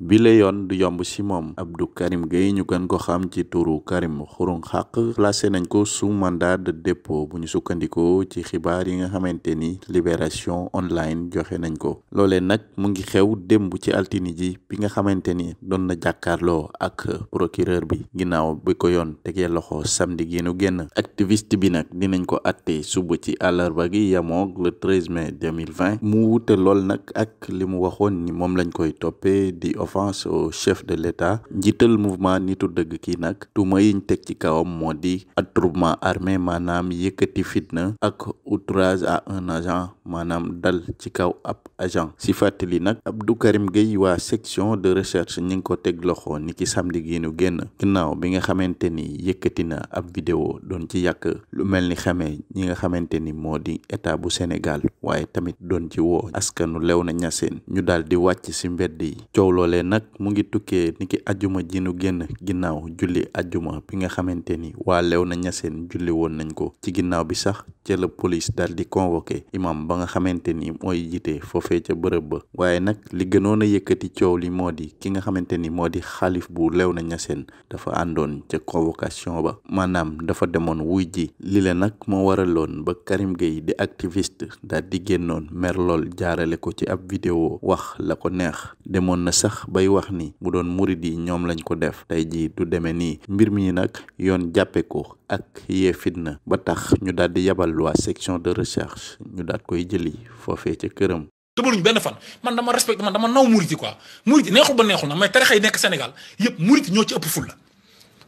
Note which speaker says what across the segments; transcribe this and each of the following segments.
Speaker 1: bile yoon du yomb si moom Abdou Karim Gueye ñu gën ko xam ci turu Karim Xurum Xaq placé nañ ko su mandaa de dépôt bu ñu sukkandikoo ci xibaar yi nga xamante ni Libération Online joxe nañ ko loole nag mu ngi xew bu ci altine ji bi nga xamante ni doon na jàkkaarloo ak procureur bi ginnaaw bi ko yoon tegee loxo samedi nu génn activiste bi nag dinañ ko atte suba ci àllarba gi yamoog le 13 mai 2020 mu wute lool nag ak li mu waxoon ni moom lañ koy toppee di offense au chef de l'État njiital mouvement nitu dëgg kii nag tuuma yiñ teg ci kawam moo di attroupement armé maanaam yëkkati fitna ak outrage à un agent maanaam dal ci kaw ab agent si fàttali nag Abdou Karim Gueye waa section de recherche ñi ngi ko teg loxo ni ki samedi gi génn ginnaaw bi nga xamante ni yëkkati na ab vidéo doon ci yàq lu mel ni xamee ñi nga xamante ni moo di état bu Sénégal waaye tamit doon ci woo askanu Léona Niassène ñu daal di wàcc si mbedd yi coow loole nag mu ngi tukkee niki ajuma ji nu génn ginnaaw julli ajuma bi nga xamante ni waa lew Léona Niassène julli woon nañ ko ci ginnaaw bi sax ca la police daal di convoqué imam ba nga xamante ni mooy jiite foofee ca bërëb ba waaye nag li gënoon a yëkkati coow li moo di ki nga xamante ni moo di xaalif bu Léona Niassène dafa àndoon ca convocation ba maanaam dafa demoon wuy ji lile nag moo waraloon ba Karim Gueye di activiste daal ji génnoon mer lool jaarale ko ci ab vidéo wax la ko neex demoon na sax bay wax ni mu doon murid yi ñoom lañ ko def tey jii du demee nii mbir mi nag yoon jàppe ko ak yee fitna ba tax ñu daal di yabal waa section de recherche ñu daal koy jëli foofee ca këram.
Speaker 2: tëbaluñ benn fan man dama respecté man dama naw murid yi quoi murid yi neexul ba neexul na mais tarixa nekk senegal yëpp murid ñoo ci ëpp fulla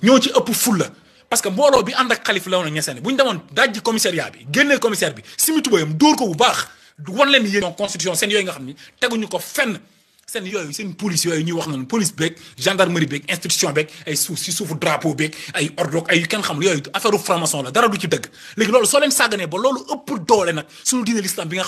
Speaker 2: ñoo ci ëpp fulla parce que mbooloo bi ànd ak xalif la woon ñeseen bu ñu demoon dajji commissariat bi génnee commissaire bi simi tubayam dóor ko bu baax wan leen constitution seen yooyu nga xam ni teguñu ko fenn seen yooyu seen police yooyu ñuy wax noonu police beeg gendarmerie beeg institution beeg ay suuf si suufu drapeau beeg ay ordre ay kenn xam yooyu affaire franc la dara du ci dëgg léegi loolu soo leen sàgganee ba loolu ëpp doole nag suñu diine l'islam